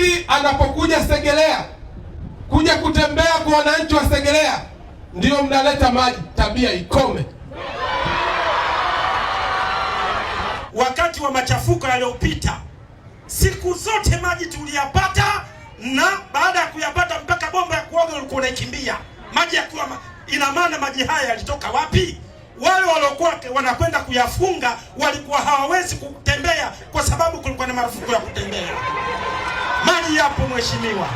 pili anapokuja Segelea kuja kutembea kwa wananchi wa Segelea, ndio mnaleta maji. Tabia ikome. Wakati wa machafuko yaliyopita, siku zote maji tuliyapata, na baada ya kuyapata mpaka bomba ya kuoga ulikuwa unaikimbia maji yakiwa. Ina maana maji haya yalitoka wapi? Wale waliokuwa wanakwenda kuyafunga walikuwa hawawezi kutembea, kwa sababu kulikuwa na marufuku ya kutembea. Mahali hapo mheshimiwa,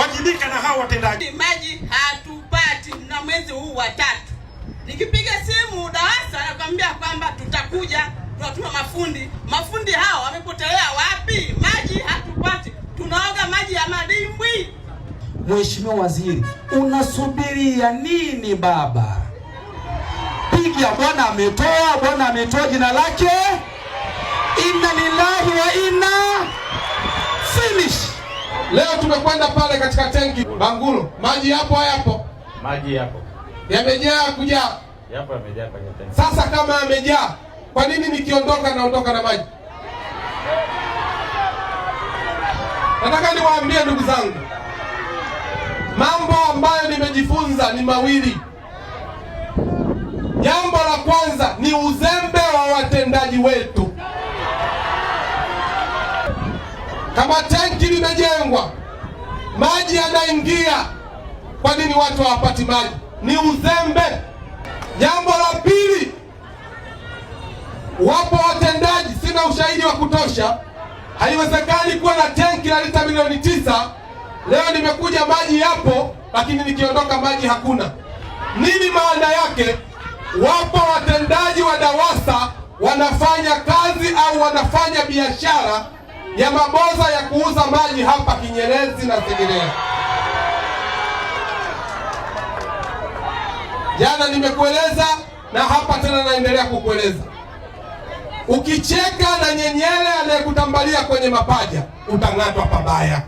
wajibika na hao watendaji. Maji hatupati na mwezi huu wa tatu, nikipiga simu DAWASA nakwambia kwamba tutakuja, tunatuma mafundi. Mafundi hao wamepotelea wapi? Maji hatupati, tunaoga maji ya madimbwi. Mheshimiwa Waziri, unasubiria nini baba? Piga Bwana ametoa, Bwana ametoa, jina lake. Inna lillahi wa inna finish Leo tumekwenda pale katika tenki Bangulo, maji yapo hayapo? Maji yapo, yamejaa kujaa, yapo yamejaa kwenye tenki. Sasa kama yamejaa, kwa nini nikiondoka naondoka na maji? Nataka niwaambie ndugu zangu, mambo ambayo nimejifunza ni mawili. Jambo la kwanza ni uzee Kama tenki limejengwa maji yanaingia, kwa nini watu hawapati maji? Ni uzembe. Jambo la pili, wapo watendaji, sina ushahidi wa kutosha. Haiwezekani kuwa na tenki la lita milioni tisa, leo nimekuja maji yapo, lakini nikiondoka maji hakuna. Nini maana yake? Wapo watendaji wa DAWASA wanafanya kazi au wanafanya biashara ya maboza ya kuuza maji hapa Kinyerezi na Segerea. Jana nimekueleza na hapa tena naendelea kukueleza. Ukicheka na nyenyele anayekutambalia kwenye mapaja utang'atwa pabaya.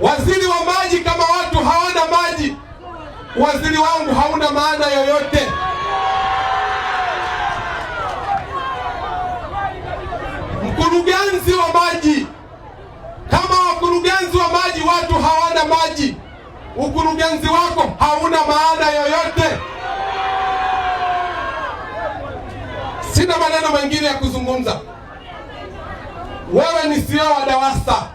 Waziri wa maji, kama watu hawana maji, waziri wangu hauna maana yoyote. wakurugenzi wa maji. Kama wakurugenzi wa maji watu hawana maji, ukurugenzi wako hauna maana yoyote. Sina maneno mengine ya kuzungumza. Wewe ni CEO wa DAWASA,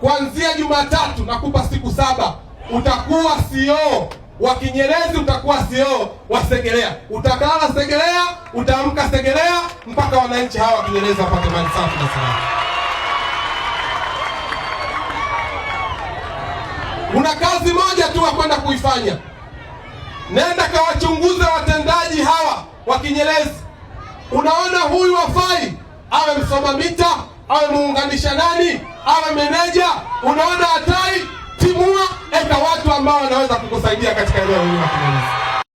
kuanzia Jumatatu nakupa siku saba, utakuwa CEO wa Kinyerezi utakuwa CEO wa Segerea, utakala Segerea, utaamka Segerea, mpaka wananchi hawa wa Kinyerezi wapate maji safi na salama. Una kazi moja tu wakwenda kuifanya, nenda kawachunguze watendaji hawa wa Kinyerezi. Unaona huyu wafai awe msoma mita, awe muunganisha nani, awe meneja, unaona hatai leta watu ambao wanaweza kukusaidia katika eneo hili la Kinyamwezi.